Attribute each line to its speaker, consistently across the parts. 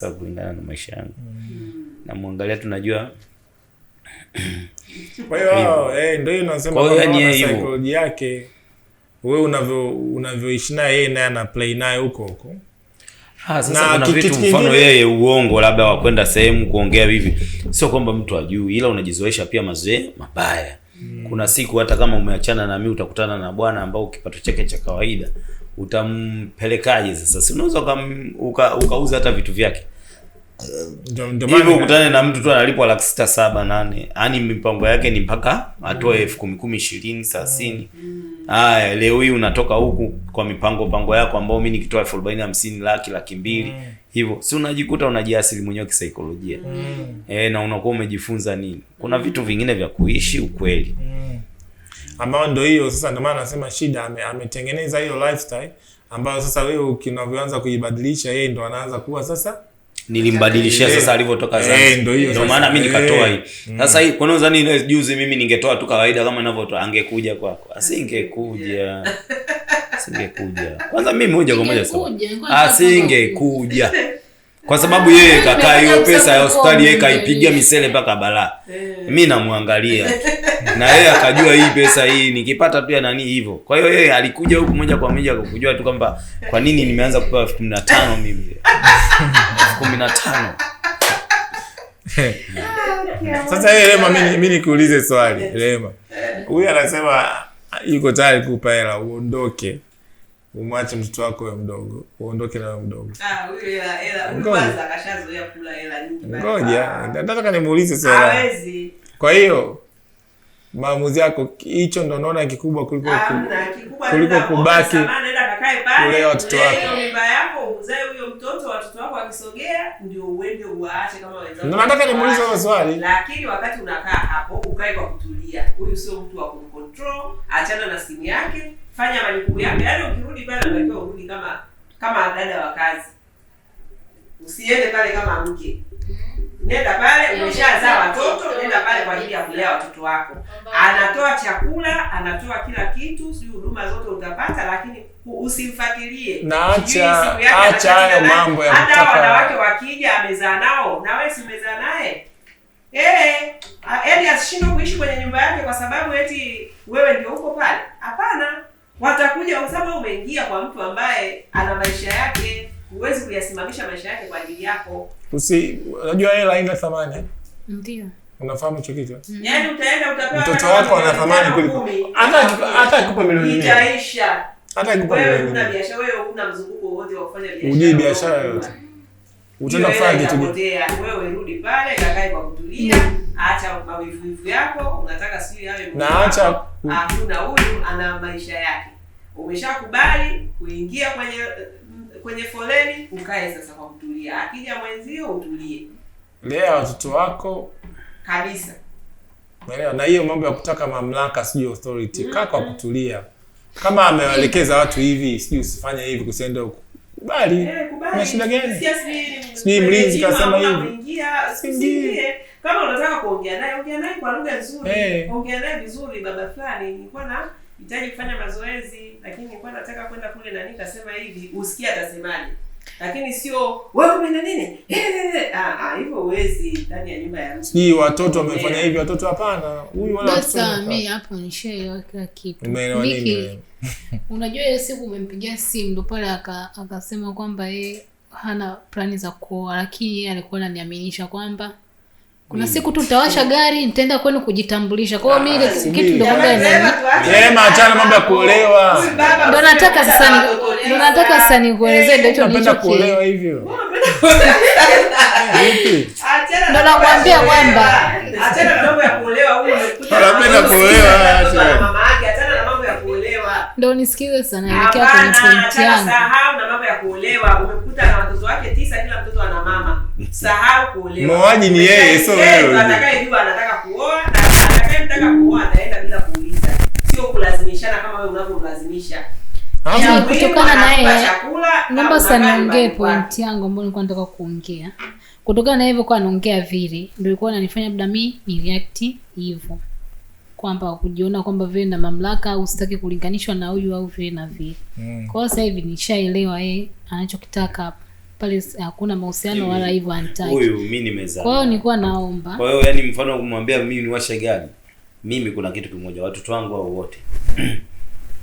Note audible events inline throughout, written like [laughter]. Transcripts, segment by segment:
Speaker 1: sasa kulingana na maisha yangu mm. na muangalia, tunajua
Speaker 2: kwa hiyo eh, ndio hiyo nasema
Speaker 1: kwa psychology
Speaker 2: yake wewe unavyo unavyoishi naye yeye naye ana play naye huko huko.
Speaker 1: Ha, ah, sasa na kuna vitu mfano yeye uongo labda wa kwenda sehemu kuongea hivi, sio kwamba mtu ajui, ila unajizoesha pia mazoea mabaya. mm. Kuna siku hata kama umeachana na mimi utakutana na bwana ambao kipato chake cha kawaida utampelekaje sasa? Si unaweza ukauza uka, ukauza hata vitu vyake hivyo ukutane na mtu tu analipwa laki sita saba nane, yaani mipango yake ni mpaka atoe mm. elfu kumi kumi ishirini thelathini. Haya, leo hii unatoka huku kwa mipango pango yako ambao mi nikitoa elfu arobaini hamsini laki laki mbili mm. hivyo, si unajikuta unajiasili mwenyewe kisaikolojia. mm. E, na unakuwa umejifunza nini? Kuna vitu vingine vya kuishi ukweli. mm
Speaker 2: ambayo ndio hiyo sasa, ndio maana nasema Shida ame, ametengeneza hiyo lifestyle ambayo sasa wewe ukinavyoanza kuibadilisha yeye ndo anaanza kuwa sasa
Speaker 1: nilimbadilishia sasa eh, alivyotoka eh, Zanzibar. Ndio Ndio maana mimi nikatoa hii. Eh, mm. Sasa hii kwa nini zani juzi mimi ningetoa tu kawaida kama ninavyotoa angekuja kwako. Asingekuja. [laughs] Asingekuja. Kwanza mimi moja kwa moja sawa. Asingekuja kwa sababu yeye kakaa hiyo pesa ya hospitali yeye kaipigia misele mpaka balaa. Eh. Mimi namwangalia na yeye akajua hii pesa hii nikipata tu ya nani hivyo. Kwa hiyo yeye alikuja huku moja kwa moja kukujua tu kwamba kwa nini nimeanza kupewa elfu kumi na tano mimi elfu kumi na tano
Speaker 2: Sasa yeye eh, Lema, mimi nikuulize swali Lema, huyu anasema yuko tayari kupa hela uondoke umwache mtoto wako huyo mdogo, uondoke na ah, huyo mdogo. Ngoja nataka nimuulize sasa. Kwa hiyo maamuzi yako, hicho ndo naona kikubwa kuliko kuliko kubaki kulea watoto wako. nataka nimuulize hilo swali,
Speaker 3: lakini wakati unakaa hapo, ukae kwa kutulia. Huyu sio mtu wa kumcontrol, achana na simu yake fanya majukumu yako. Yaani ukirudi pale unatakiwa urudi kama kama dada wa kazi, usiende pale kama mke. Nenda pale, umeshazaa watoto, nenda pale kwa ajili ya kulea watoto wako. Anatoa chakula, anatoa kila kitu, sijui huduma zote utapata, lakini usimfuatilie.
Speaker 2: Na acha acha hayo mambo ya
Speaker 3: mtaka. Hata wanawake wakija amezaa nao, na wewe si umezaa naye. Eh, yaani asishindwe kuishi kwenye nyumba yake kwa sababu eti wewe ndio uko pale. Hapana watakuja kwa sababu umeingia kwa mtu ambaye ana maisha yake, huwezi kuyasimamisha maisha yake kwa ajili yako.
Speaker 2: Usi unajua hela haina thamani. Ndio. Unafahamu hicho kitu?
Speaker 3: Yani utaenda utapewa
Speaker 2: mtoto wako ana thamani kuliko hata hata akupa milioni 100.
Speaker 3: Itaisha.
Speaker 2: Hata akupa milioni 100. Wewe una
Speaker 3: biashara, wewe una mzunguko wote wa kufanya biashara.
Speaker 2: Ujui biashara yote Utaenda kufanya kitu.
Speaker 3: gani? Wewe rudi pale, kakae kwa kutulia acha mawivu yako, unataka sijui awe
Speaker 2: na acha
Speaker 3: hakuna huyu ana maisha yake. Umeshakubali kuingia kwenye eh, kwenye foleni, ukae sasa kwa kutulia. Akija mwenzio utulie,
Speaker 2: lea watoto wako kabisa. Unaelewa? Na hiyo mambo ya kutaka mamlaka sijui authority, kaa kwa kutulia. Kama amewaelekeza watu hivi, sijui usifanye hivi, kusenda huko kubali.
Speaker 3: Eh, Kuna
Speaker 2: shida gani? Sijui mlinzi kasema hivi,
Speaker 3: ingia usiingie kama unataka kuongea naye, ongea naye kwa lugha nzuri, hey. Eh. Ongea naye vizuri, baba fulani, nilikuwa na hitaji kufanya mazoezi, lakini nilikuwa nataka kwenda kule na nikasema hivi, usikia atasemaje, lakini sio nini [laughs] eh, eh, ah, ah, hivyo ndani ya nyumba ya mtu.
Speaker 2: Hii watoto wamefanya hivi, watoto hapana, huyu wala
Speaker 4: hapo kila kitu. [laughs] unajua ile siku umempigia simu ndo pale akasema kwamba yeye hana plani za kuoa, lakini yeye alikuwa ananiaminisha kwamba kuna siku tu tawasha gari nitaenda kwenu kujitambulisha. Kwa hiyo mimi ah, kitu eh,
Speaker 2: ndio mambo ya kuolewa.
Speaker 4: Ndio nataka sasa, ndio nataka sasa nikuelezee, ndio hicho nilicho
Speaker 2: kuolewa hivyo.
Speaker 4: Ndio nakwambia kwamba
Speaker 3: achana na mambo ya kuolewa, huyo
Speaker 2: kuolewa, na mambo ya
Speaker 3: kuolewa.
Speaker 4: Ndio nisikize sana, elekea kwenye
Speaker 3: point yangu. na mambo ya kuolewa, umekuta na watoto wake tisa, kila mtoto ana mama Sahau kuolewa.
Speaker 2: Mwaji ni yeye, sio
Speaker 3: wewe. Atakayejua anataka kuoa na mtaka kuoa ataenda bila kuuliza. Sio kulazimishana kama wewe unavyolazimisha.
Speaker 4: Kutokana na yeye, namba sana niongee point yangu ambayo nilikuwa nataka kuongea. Kutokana na hivyo kwa anaongea vile, ndio ilikuwa inanifanya labda mimi ni react hivyo. Kwamba kujiona kwamba vile na mamlaka au sitaki kulinganishwa na huyu au vile na vile. Mm. Kwa hiyo sasa hivi nishaelewa yeye anachokitaka hapo pale hakuna mahusiano wala hivyo anitaki.
Speaker 2: Huyu mimi nimezaa.
Speaker 4: Kwa hiyo nilikuwa naomba.
Speaker 1: Kwa hiyo yani mfano kumwambia mimi niwashe gari. Mimi kuna kitu kimoja watoto wangu au wote. [clears throat]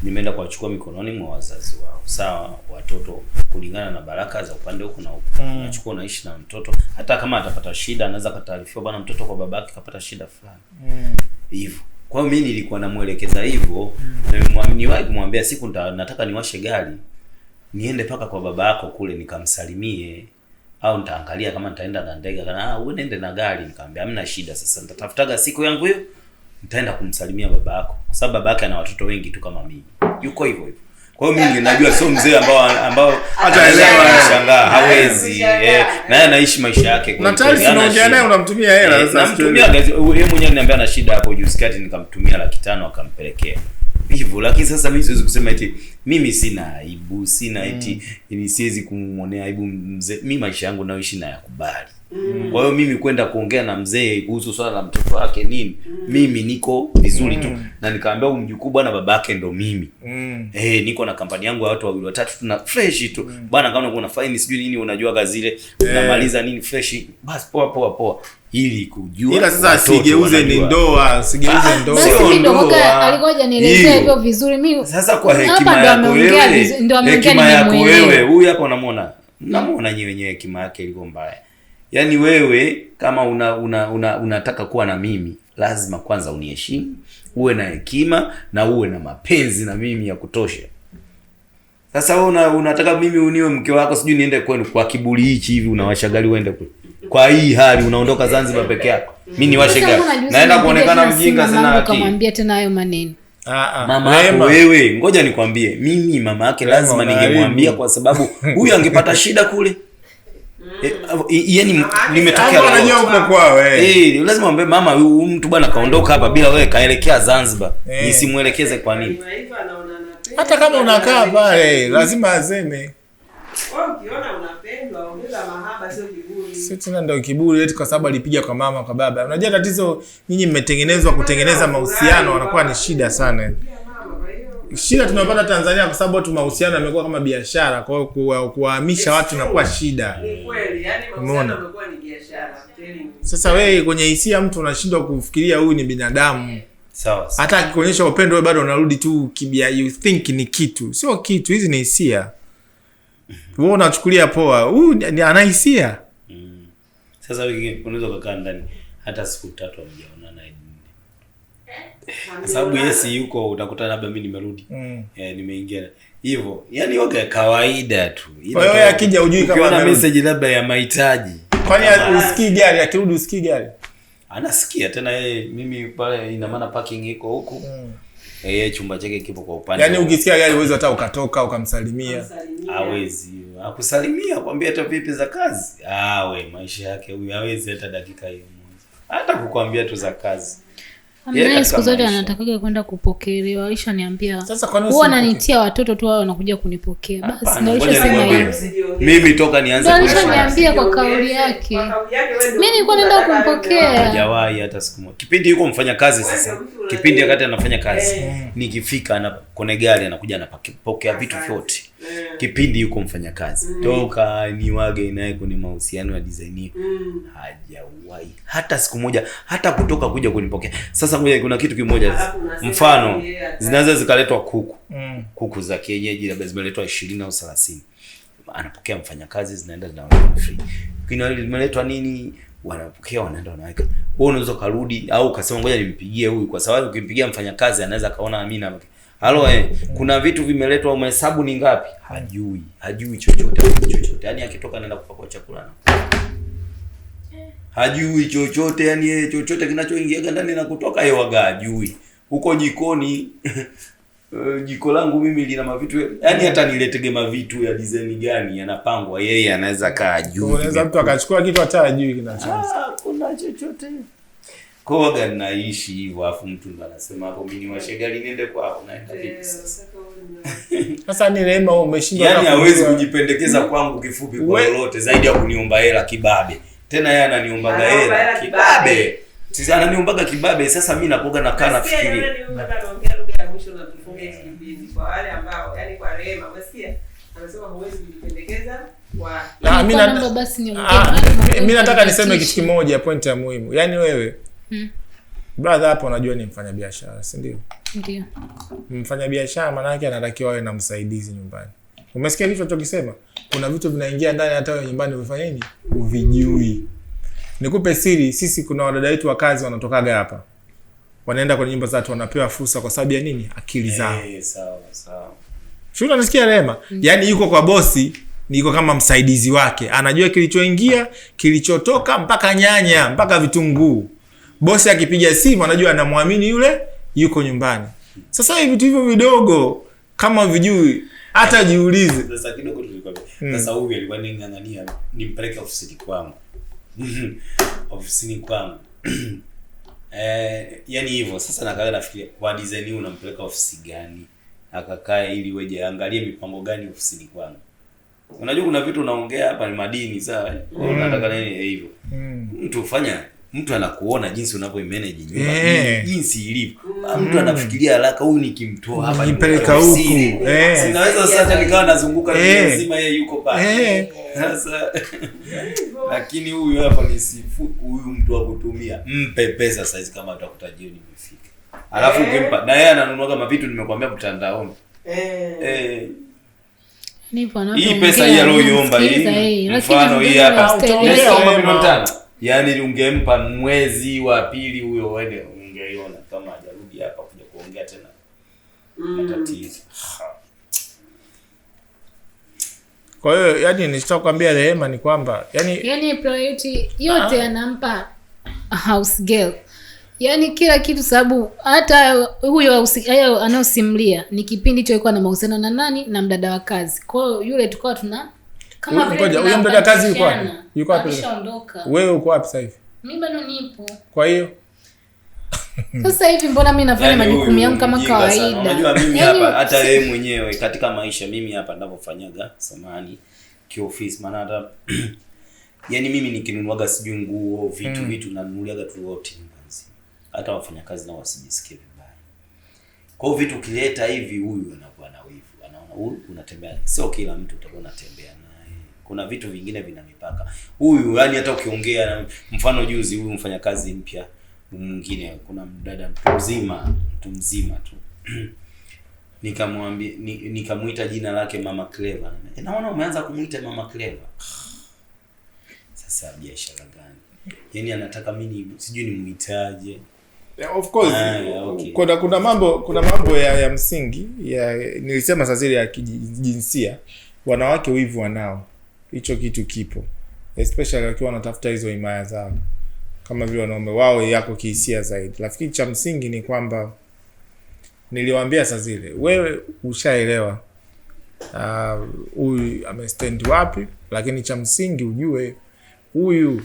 Speaker 1: Nimeenda kuwachukua mikononi mwa wazazi wao. Sawa, watoto kulingana na baraka za upande huku na huku. Mm. Unachukua unaishi na mtoto hata kama atapata shida anaweza kataarifiwa bwana mtoto kwa babake kapata shida fulani. Mm. hivyo Mm. Kwa hiyo mimi nilikuwa namuelekeza hivyo. Mm. Na niwahi kumwambia siku nata, nataka niwashe gari niende mpaka kwa baba yako kule nikamsalimie, au nitaangalia kama nitaenda na ndege. Kana ah, wewe nende na gari. Nikamwambia hamna shida, sasa nitatafutaga siku yangu hiyo nitaenda kumsalimia baba yako, kwa sababu baba yake ana watoto wengi tu kama mimi, yuko hivyo hivyo. Kwa hiyo mimi najua sio mzee ambao ambao
Speaker 2: hata elewa
Speaker 1: anashangaa hawezi eh, na yeye anaishi maisha yake.
Speaker 2: Na tayari unaongea naye unamtumia hela eh,
Speaker 1: sasa. Namtumia yeye mwenyewe, niambia ana shida hapo. juu, sikati nikamtumia laki tano akampelekea hivyo lakini sasa mimi siwezi kusema eti mimi sina aibu, sina mm. eti mm. siwezi kumwonea aibu mzee. mi maisha yangu nayoishi nayakubali, Mm. Kwa hiyo mimi kwenda kuongea na mzee kuhusu swala la mtoto wake nini, mm. mimi niko vizuri mm. tu, na nikaambia huyu mjukuu bwana, baba yake ndo mimi mm. hey, eh, niko na kampani yangu ya watu wawili watatu, tuna fresh tu mm. bwana, kama unakuwa na faini sijui nini, unajua gazile yeah. unamaliza nini fresh, basi poa poa poa ili kujua.
Speaker 2: Ila sasa sigeuze ni ndoa, sigeuze ah, ndoa.
Speaker 4: Basi ndio mwaka alikuwa hajanielezea hivyo vizuri. Mimi
Speaker 1: sasa kwa hekima yako wewe, ndio ameongea ni mwenyewe huyu hapa unamwona, namuona nyewe wenyewe hekima yake ilikuwa mbaya Yaani wewe kama una, una, una unataka kuwa na mimi lazima kwanza uniheshimu, uwe na hekima na uwe na mapenzi na mimi ya kutosha. Sasa wewe una, unataka mimi uniwe mke wako, sijui niende kwenu kwa kiburi hichi hivi, unawashagali uende kwenu kwa hii hali, unaondoka Zanzibar peke yako, mimi niwashe gari naenda kuonekana mjinga sana.
Speaker 4: Akamwambia tena hayo maneno
Speaker 1: ah, ah. mama yako wewe, ngoja nikwambie, mimi mama yake lazima ningemwambia, kwa sababu huyu angepata shida kule [laughs] yaani nimetokea
Speaker 2: anajua
Speaker 1: eh. eh, lazima mwambie mama, huyu mtu bwana kaondoka hapa bila wewe, kaelekea Zanzibar, nisimwelekeze kwa nini?
Speaker 2: Hata kama unakaa pale, lazima azeme. Sio tena ndio kiburi eti kwa sababu alipiga kwa mama kwa baba. Unajua tatizo, nyinyi mmetengenezwa kutengeneza mahusiano, wanakuwa ni shida sana shida tunayopata Tanzania kwa sababu watu mahusiano yamekuwa kama biashara, kwa hiyo kuwahamisha watu nakuwa shida. Yaani Umeona? Sasa wewe kwenye hisia mtu unashindwa kufikiria huyu ni binadamu. Sawa. Hata akikuonyesha upendo wewe bado unarudi tu kibia, you think ni kitu. Sio kitu, hizi ni hisia. Wewe unachukulia poa. Huyu ana hisia. Mm.
Speaker 1: Sasa wewe unaweza kukaa ndani hata siku tatu hamjaona kwa sababu yes yuko, utakuta labda mimi nimerudi mm. eh, nimeingia hivyo, yani yoga kawaida tu.
Speaker 2: Kwa hiyo akija ujui kama
Speaker 1: ana message labda ya mahitaji,
Speaker 2: kwani usikii gari akirudi, usikii gari
Speaker 1: anasikia tena yeye. eh, Mimi pale, ina maana parking iko huku mm. Eh, chumba chake kipo kwa upande.
Speaker 2: yani ukisikia gari uweze hata ukatoka ukamsalimia.
Speaker 1: Hawezi. Akusalimia kwambia hata vipi za kazi. Ah, we maisha yake huyu hawezi hata dakika hiyo moja. Hata kukwambia tu za kazi
Speaker 4: siku zote anatakaga kwenda kupokelewa. Aisha niambia huwa ananitia watoto tu wao wanakuja kunipokea. Basi na Aisha
Speaker 1: sema mimi toka nianze
Speaker 4: Aisha niambia kwa kauli yake, mimi nilikuwa naenda kumpokea,
Speaker 1: hajawahi hata siku moja. Kipindi yuko mfanya kazi sasa, kipindi wakati anafanya kazi, eh. nikifika ana kone gari anakuja anapokea vitu vyote Mm. kipindi yuko mfanyakazi mm. toka ni wage naye kwenye mahusiano ya design hiyo mm. hajawahi hata siku moja, hata kutoka kuja kunipokea. Sasa moja kuna kitu kimoja, mfano zinaweza zikaletwa kuku mm. kuku za kienyeji labda zimeletwa 20 au 30 anapokea mfanyakazi, zinaenda na free. Kina limeletwa nini, wanapokea wanaenda wanaweka. Wewe unaweza karudi au ukasema ngoja nimpigie huyu, kwa sababu ukimpigia mfanyakazi anaweza kaona mimi na Halo eh, kuna vitu vimeletwa umehesabu ni ngapi? Hajui. Hajui chochote, hajui chochote. Yaani akitoka anaenda kupakua chakula na. Hajui chochote, yani yeye eh, chochote kinachoingia ndani na kutoka yeye eh, waga hajui. Huko jikoni [laughs] eh, jiko langu mimi lina mavitu, yani hata niletege mavitu ya design gani yanapangwa, yeye anaweza kaa juu.
Speaker 2: Unaweza mtu akachukua kitu hata hajui
Speaker 1: kinachoanza. Ah, kuna chochote koga naishi hivyo, afu mtu ndo anasema hapo mimi niwashe gari niende kwao, naenda vipi [laughs] sasa?
Speaker 2: Sasa ni neema umeshinda,
Speaker 1: yani hawezi kujipendekeza mm. kwangu kifupi kwa lolote zaidi ya kuniomba hela kibabe. Tena yeye ananiombaga hela kibabe, sisi ananiombaga kibabe. Sasa mimi nakoga na kana
Speaker 3: fikiri mimi
Speaker 2: nataka niseme kitu kimoja, point ya muhimu, yaani wewe mm. Brother hapa unajua ni mfanyabiashara, si ndio? Ndio. Mfanyabiashara maana yake anatakiwa awe na msaidizi nyumbani. Umesikia hicho chokisema? Kuna vitu vinaingia ndani hata wewe nyumbani umefanya nini? Uvijui. Nikupe siri, sisi kuna wadada wetu wa kazi wanatokaga hapa. Wanaenda kwenye nyumba za watu wanapewa fursa kwa sababu ya nini? Akili zao.
Speaker 1: Hey, eh, sawa sawa.
Speaker 2: Sio unanisikia Rema? Mm. Yaani yuko kwa bosi, niko kama msaidizi wake. Anajua kilichoingia, kilichotoka mpaka nyanya, mpaka vitunguu. Bosi akipiga simu anajua anamwamini yule yuko nyumbani. Sasa hivi vitu hivyo vidogo kama vijui hata jiulize.
Speaker 1: Sasa kidogo tulikwambia. Hmm. Sasa huyu alikuwa ning'ang'ania nimpeleke ofisini kwangu. [laughs] Ofisini kwangu. [clears throat] Eh, yani hivyo sasa nakaa nafikiria kwa design hii unampeleka ofisi gani? Akakaa ili weje angalie mipango gani ofisini kwangu. Unajua kuna vitu unaongea hapa ni madini sawa. Mm. Unataka hmm. nini eh, hivyo? Mm. Mtu ufanya mtu anakuona jinsi unavyoimanage
Speaker 2: nyumba yeah.
Speaker 1: jinsi ilivyo ah, mm. mtu anafikiria haraka, huyu nikimtoa
Speaker 2: hapa mm, nipeleka huku yeah.
Speaker 1: sinaweza sasa nikawa nazunguka yeah. Eh. nzima, yeye yuko
Speaker 2: pale eh. sasa
Speaker 1: yeah. [laughs] lakini huyu hapa ni sifu, huyu mtu wa kutumia, mpe pesa size kama atakuta jioni imefika, alafu eh. ukimpa yeah. na yeye ananunua kama vitu nimekwambia mtandaoni yeah. eh hii pesa hii aliyoiomba hii mfano hii hapa milioni tano yani ungempa mwezi wa pili huyo uende, ungeiona kama ajarudi hapa kuja kuongea tena mm. matatizo.
Speaker 2: Kwa hiyo yani, nilitaka kuambia Rehema ni kwamba yani,
Speaker 4: yani priority yote ah. anampa house girl, yaani kila kitu, sababu hata huyo anayosimulia ni kipindi hicho na mahusiano na nani, na mdada wa kazi. Kwa yule tukawa tuna
Speaker 2: kama vile ngoja, huyo mtoto kazi yuko wapi? Yuko wapi? Ameshaondoka. Wewe uko wapi sasa hivi?
Speaker 4: Mimi bado nipo. Kwa hiyo sasa hivi mbona mimi nafanya yaani majukumu yangu kama kawaida?
Speaker 1: Unajua mimi yaani hapa hata yeye mwenyewe katika maisha mimi hapa ninavyofanyaga samani kiofisi maana hata [clears throat] yani mimi nikinunuaga sijui nguo, vitu mm. vitu nanunuliaga tu wote nyumbani. Hata wafanyakazi nao wasijisikie vibaya. Kwa hiyo vitu ukileta hivi huyu anakuwa na wivu, anaona huyu unatembea. Sio kila mtu utakuwa unatembea kuna vitu vingine vina mipaka. Huyu yani hata ukiongea na mfano juzi, huyu mfanyakazi mpya mwingine, kuna mdada mtu mzima mtu mzima tu [clears throat] nikamwambia ni, nikamuita jina lake Mama Clever. Eh, naona umeanza kumuita Mama Clever. [sighs] Sasa biashara gani? Yaani anataka mimi sijui nimuitaje.
Speaker 2: Yeah, of course ah, yeah, okay. Kuna kuna mambo kuna mambo ya, ya msingi ya nilisema sasa zile ya kijinsia wanawake wivu wanao hicho kitu kipo, especially wakiwa wanatafuta hizo imaya zao kama vile wanaume wao yako kihisia zaidi. lakini cha msingi ni kwamba niliwaambia saa zile, wewe ushaelewa uh, huyu uh, amestendi wapi, lakini cha msingi ujue huyu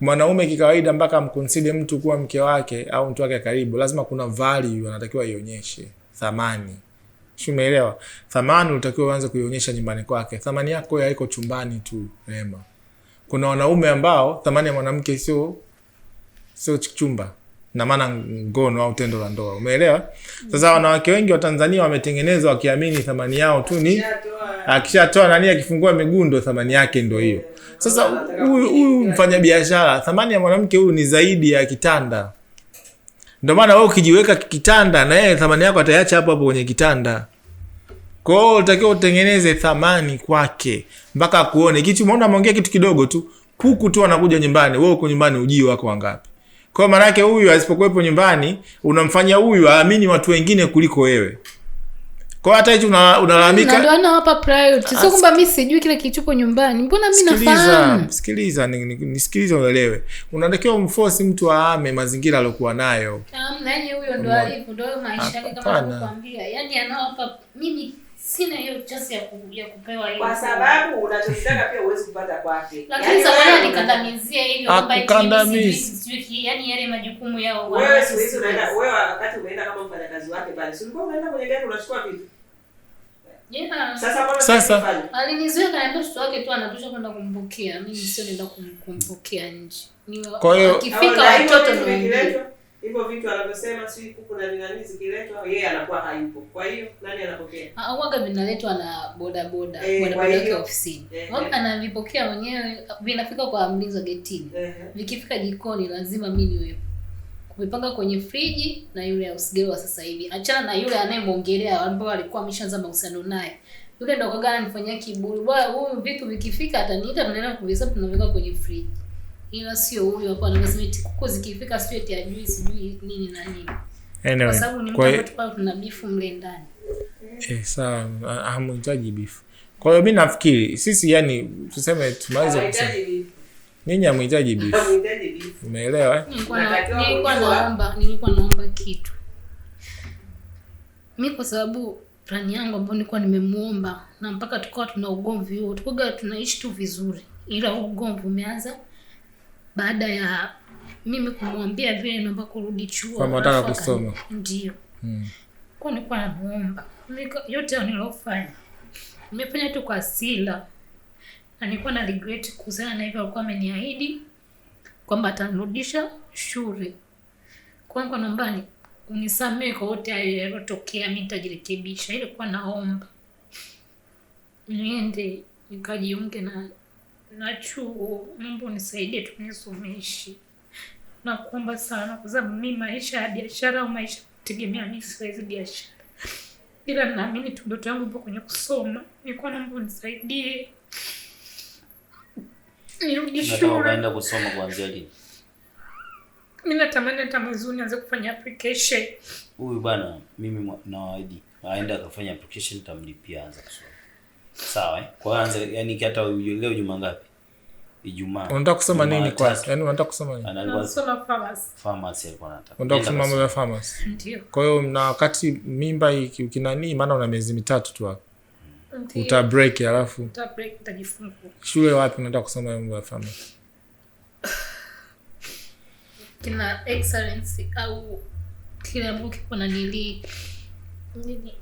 Speaker 2: mwanaume kikawaida, mpaka amkonside mtu kuwa mke wake au mtu wake karibu, lazima kuna value anatakiwa ionyeshe thamani umeelewa? Thamani unatakiwa uanze kuionyesha nyumbani kwake. Thamani yako haiko chumbani tu, Rema. Kuna wanaume ambao thamani ya mwanamke sio sio chumba na maana ngono au tendo la ndoa, umeelewa? Sasa wanawake wengi wa Tanzania wametengenezwa wakiamini thamani yao tu ni akishatoa nani, akifungua miguu ndo thamani yake ndo hiyo. Sasa huyu mfanyabiashara, thamani ya mwanamke huyu ni zaidi ya kitanda. Ndio maana ukijiweka kitanda na yeye thamani yako ataiacha hapo hapo kwenye kitanda. kwao utakiwa utengeneze thamani kwake mpaka akuone kitu. mona ameongea kitu kidogo tu, kuku tu anakuja nyumbani, we uko nyumbani ujii wako wangapi? kwao maanaake huyu asipokuwepo nyumbani, unamfanya huyu aamini watu wengine kuliko wewe. Kwa hiyo hata hichi unalalamika.
Speaker 4: Ndio kwamba mimi sijui kile kilichopo nyumbani. Mbona mimi
Speaker 2: nafahamu? Sikiliza, uelewe. Unatakiwa umforce mtu aame mazingira aliokuwa nayo.
Speaker 4: Yaani sina hiyo ya kupewa
Speaker 3: Kwa sababu unachotaka pia huwezi kupata kwake.
Speaker 4: Lakini yaani sasa ah, yaani yale majukumu yao.
Speaker 3: wakati unaenda kama mfanyakazi wake bali. unachukua vitu. Yeah. Sasa
Speaker 2: sasa
Speaker 4: alinizuia kaniambia mtoto wake tu anatosha kwenda kumpokea. Mimi sio nenda kumpokea nje.
Speaker 2: Kwa hiyo
Speaker 3: ikifika watoto ndio hivyo vitu anavyosema, si kuku na vinani zikiletwa, yeye anakuwa hayupo. Kwa hiyo nani anapokea?
Speaker 4: Ah, huaga vinaletwa na boda boda, eh, boda boda yake ofisini. Eh, Wao eh. anavipokea mwenyewe, vinafika kwa mlinzi getini. Vikifika jikoni lazima mimi niwepo kuipanga kwenye friji na yule usigeli wa sasa hivi. Achana na yule anayemwongelea ambaye alikuwa ameshaanza mahusiano naye. Yule ndo kaga ananifanyia kiburi. Bwana, huyu vitu vikifika ataniita tunaenda kuvihesabu tunaweka kwenye friji. Ila sio huyo hapo anasema eti kuku zikifika sio eti ajui sijui nini na nini. Anyway, kwa sababu ni mtu ambaye tukao tuna bifu mle ndani.
Speaker 2: Eh, sawa, hamhitaji bifu. Kwa hiyo mimi nafikiri sisi yani tuseme tumalize kusema. Nyinyi hamhitaji beef. Umeelewa eh?
Speaker 4: Nilikuwa naomba, nilikuwa naomba kitu. Mimi kwa sababu plani yangu ambayo nilikuwa nimemuomba na mpaka tukawa tuna ugomvi huo, tukga tunaishi tu vizuri. Ila ugomvi umeanza baada ya mimi kumwambia vile naomba kurudi chuo.
Speaker 2: Kama nataka kusoma.
Speaker 4: Ndio. Mm. Kwa nilikuwa namuomba. Yote nilofanya. Nimefanya tu kwa sila nilikuwa na regret kuhusiana na hivyo. Alikuwa ameniahidi kwamba atanirudisha shule kwangu nyumbani. Unisamehe kwa wote hayo yalotokea, mi nitajirekebisha. Ilikuwa naomba niende nikajiunge na na chuo, mambo nisaidie tu nisomeishi na sana, kwa sababu mi maisha ya biashara au maisha kutegemea mi siwezi biashara, ila naamini tu ndoto yangu ipo kwenye kusoma. Nilikuwa naomba unisaidie. Naenda
Speaker 1: kusoma kuanzia lini?
Speaker 4: Mimi natamani hata mwezi nianze kufanya application.
Speaker 1: Huyu bana, mimi nawaahidi aende akafanya application, tamlipia anza kusoma. Sawa eh? Kwa anza yani hata leo juma ngapi?
Speaker 2: kusoma nini kwanza? Yaani unataka kusoma nini? kusoma Kwa hiyo na wakati mimba ikinani maana una miezi mitatu tu hapo uta break alafu
Speaker 4: uta break utajifunga.
Speaker 2: Shule wapi unaenda kusoma mambo ya fama [sighs]
Speaker 4: Kina excellence au kile ambacho kiko na nili nini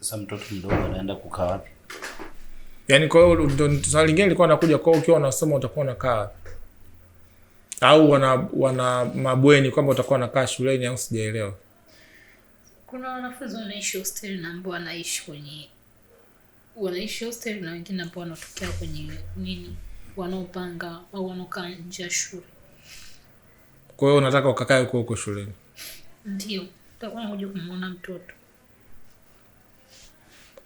Speaker 1: sasa, mtoto mdogo anaenda kukaa wapi?
Speaker 2: yaani kwa hiyo ndo swali lingine lilikuwa nakuja kwa, ukiwa unasoma utakuwa unakaa wapi? au wana wana mabweni kwamba utakuwa unakaa shuleni au sijaelewa.
Speaker 4: Kuna wanafunzi wanaishi hosteli na ambao wanaishi kwenye wanaishi hosteli na wengine ambao wanatokea kwenye nini, wanaopanga au wanaokaa nje ya shule.
Speaker 2: Kwa hiyo unataka ukakae huko huko shuleni?
Speaker 4: Ndio, utakuwa unakuja kumwona mtoto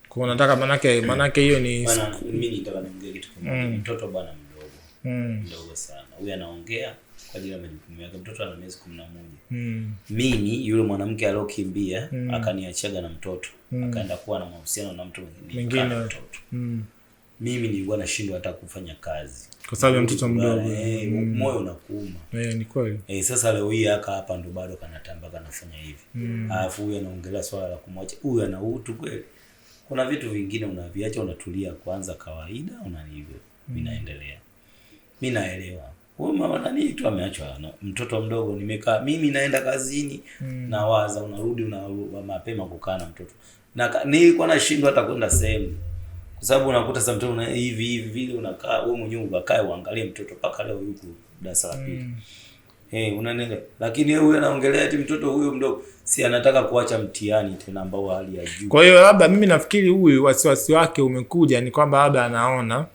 Speaker 2: kwa unataka, manake manake hiyo ni
Speaker 1: mimi nitaka niongee kitu kimoja, mm. mtoto bwana mdogo mm. sana. Huyu anaongea kwa ajili ya majukumu yake. Mtoto ana miezi kumi na moja. mm. Mimi yule mwanamke aliokimbia mm. akaniachaga na mtoto mm. akaenda kuwa na mahusiano na mtu
Speaker 2: mwingine mtoto mm.
Speaker 1: Mimi nilikuwa nashindwa hata kufanya kazi
Speaker 2: kwa sababu ya mtoto mdogo,
Speaker 1: eh, mm. moyo unakuuma.
Speaker 2: Eh, ni kweli.
Speaker 1: Eh, sasa leo hii aka hapa ndo bado kanatamba kanafanya hivi mm. alafu huyu anaongelea swala la kumwacha huyu, ana utu kweli? Kuna vitu vingine unaviacha, unatulia kwanza, kawaida unalivyo mm. vinaendelea mm mi naelewa wewe nani tu ameachwa mtoto mdogo, nimekaa mimi naenda kazini mm. nawaza, unarudi una mapema kukaa na mtoto na nilikuwa nashindwa hata kwenda sehemu, kwa sababu unakuta sasa mtoto hivi hivi vile unakaa wewe mwenyewe ukakae uangalie mtoto mpaka leo yuko darasa la pili mm. hey, eh, unanenga lakini wewe anaongelea eti mtoto huyo mdogo si anataka kuacha mtihani tena ambao hali ya juu.
Speaker 2: Kwa hiyo labda mimi nafikiri huyu wasiwasi wake umekuja ni kwamba labda anaona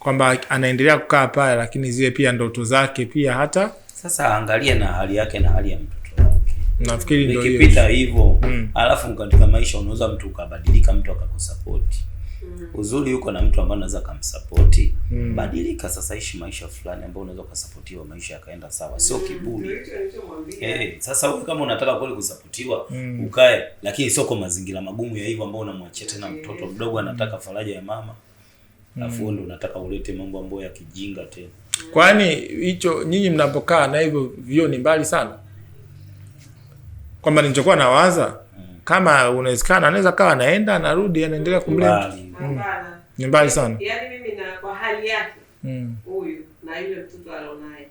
Speaker 2: kwamba anaendelea kukaa pale, lakini zile pia ndoto zake pia hata
Speaker 1: sasa angalia na hali yake na hali ya mtoto wake.
Speaker 2: Nafikiri ndio hiyo.
Speaker 1: Ikipita hivyo mm. Alafu katika maisha unaweza mtu ukabadilika, mtu akakusapoti. Mm. Uzuri yuko na mtu ambaye anaweza kumsupport. Mm. Badilika sasa, ishi maisha fulani ambayo unaweza kusapotiwa, maisha yakaenda sawa, sio mm. kiburi. Mm. Eh, sasa wewe kama unataka kweli kusapotiwa mm. ukae, lakini sio kwa mazingira magumu ya hivyo ambao unamwachia tena mtoto mdogo anataka faraja ya mama alafu mm. ndo unataka ulete mambo ambayo ya kijinga tena.
Speaker 2: Kwani hicho nyinyi mnapokaa na hivyo vio ni mbali sana, kwamba nilichokuwa nawaza mm. kama unawezekana, anaweza kawa anaenda anarudi anaendelea kumlea mm. ni mbali sana
Speaker 3: yaani, mimi na kwa hali yake mm. huyu mm. na yule mtoto alionaye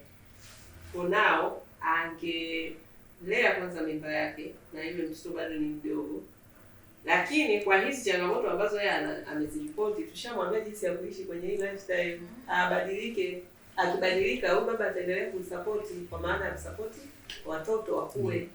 Speaker 3: onao angelea kwanza mimba yake na yule mtoto bado ni mdogo lakini kwa hizi changamoto ambazo yeye ameziripoti, tushamwambia jinsi ya kuishi kwenye hii lifestyle, mhm. abadilike. Akibadilika huyu baba ataendelea kumsapoti, kwa maana ya kusapoti watoto wakue